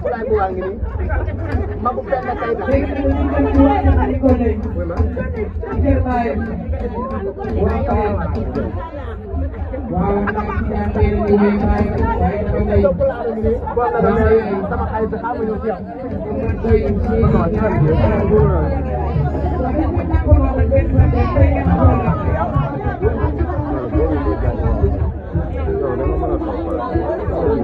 Fulaay bu waa ngi nii Magu Penda Kayta sama xarit xaaral ñu ci yow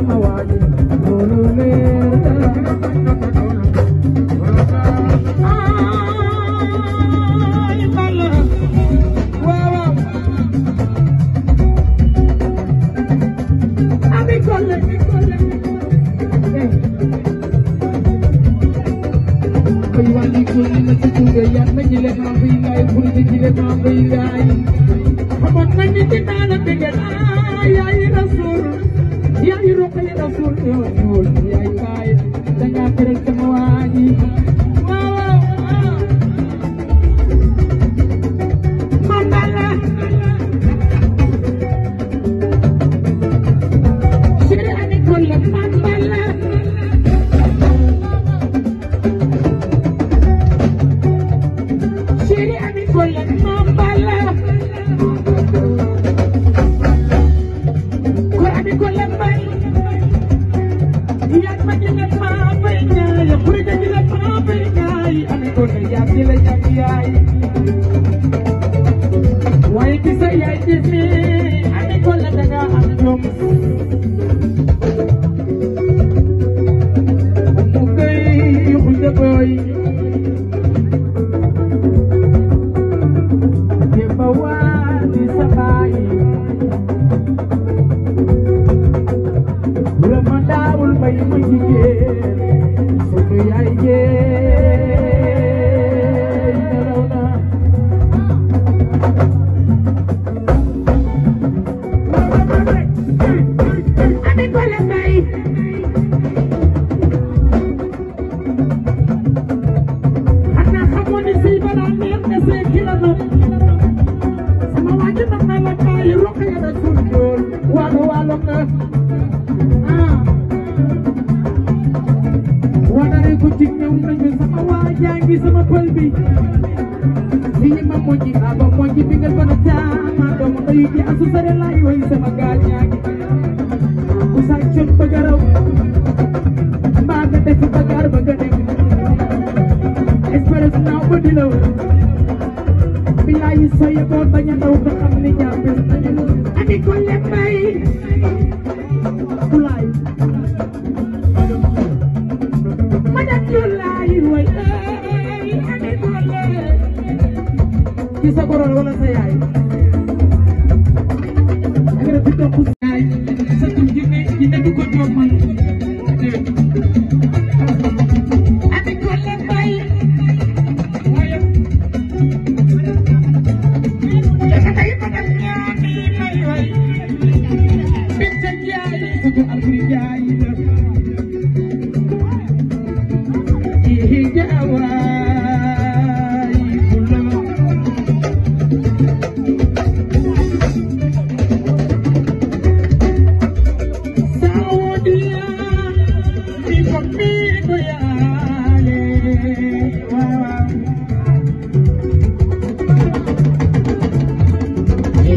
Come on, let me get out of the get. Ay, ay, Rasul. yaay roqaya rasul yoon yoon yaay kaay dañaa tere moji aba moji bingal bana tama domo tayi ki asu sare layi wai sama ganya usa chon bagaraw mbaga def bagar baga nek esperance now bodi law bilayi soye bon a daw ko xamni ñaapes nañu andi ko leppay kulay madat kulay way di sa gorol wala sa yaay agara di topp sa yaay sa tur ji ne ji ne du ko toog man ami ko la bay Thank you.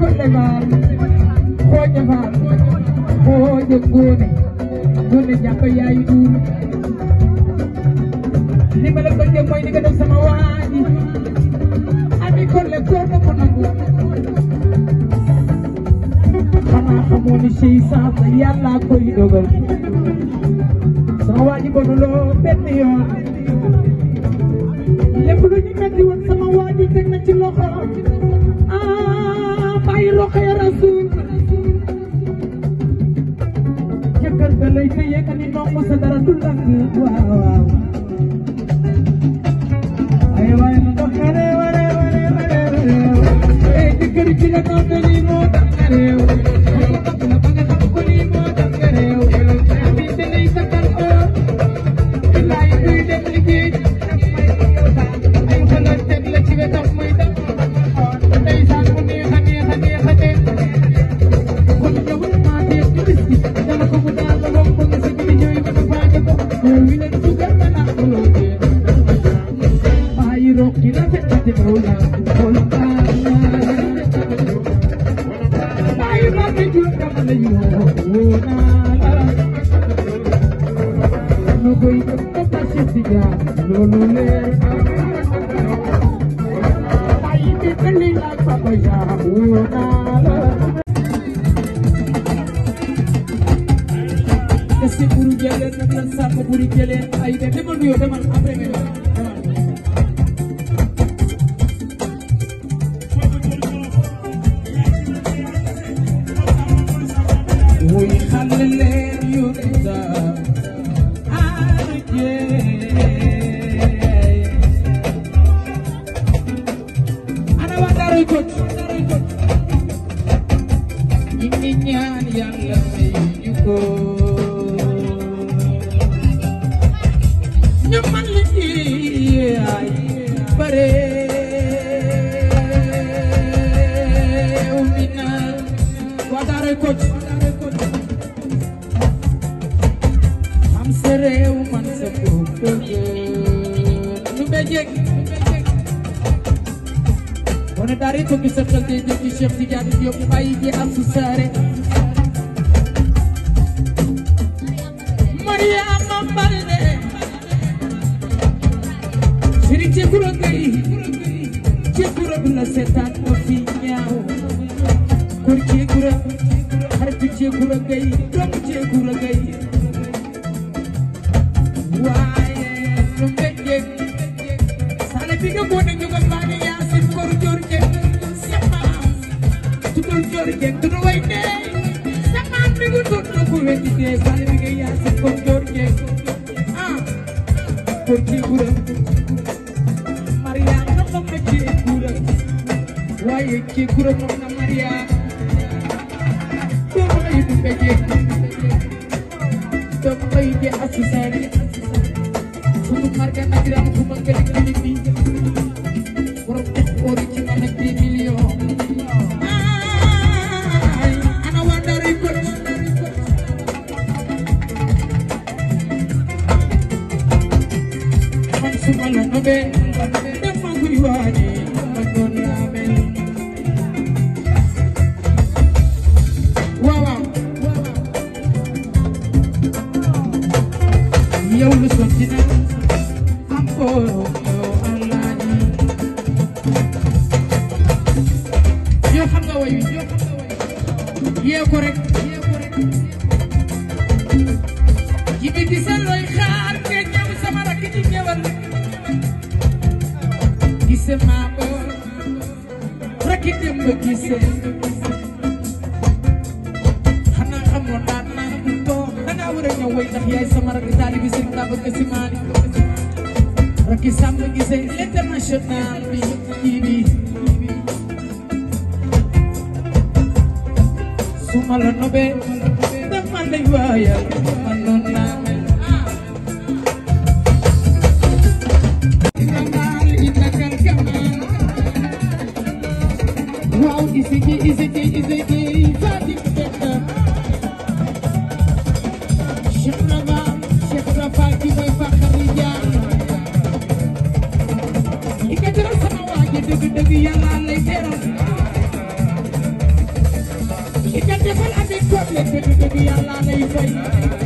kulle baal xooja faal xooja góone góone jàpp yaay duur li ma la bëgg mooy li nga def sama waaji ami kulle góor na ko nangu xanaa xamoo ni sey saaf yàlla koy dogal sama waaji bonu loo benn yoon Kasi puro jelen, naglansa ko puro jelen Ay, demal mo yun, demal, apre ngayon Nubejek Wane dari pergi sekal tebe di chef di gadi di opi bayi di am susare Maria mambalne Siri cekuro gari Cekuro bula setan kofi nyaho Kur cekuro Harfi cekuro gari Dom cekuro gari war jeng tudu way ne sama mi gu tudu ku we di de bal mi ge ya sa ko jor jeng ah ko ci gura maria no ko ma ci gura waye ci gura mo na maria ko ma yi be je to ko yi de asu sa ni sunu marga na gram ku ma ke yow lu sotti na am ko yow alaaji yow xam nga wayu yow xam nga wayu yee ko rek yee ko rek ji bi gisal looy xaar nga ñëw sama rakk ji ñëwal gise maa ko rakk dem ba gisee yaa war a ñëw way ndax yaay sama rakk taalibi sëriñ Babacar Sy Malick rakki Samb Guissé l'international bi kii bi su ma la nobee dama lay waayal man noonu laa mel Wow, is it, is it, is it, is it, dëgg yàlla lay teral ki nga defal avec doole dëgg dëgg yàlla lay fay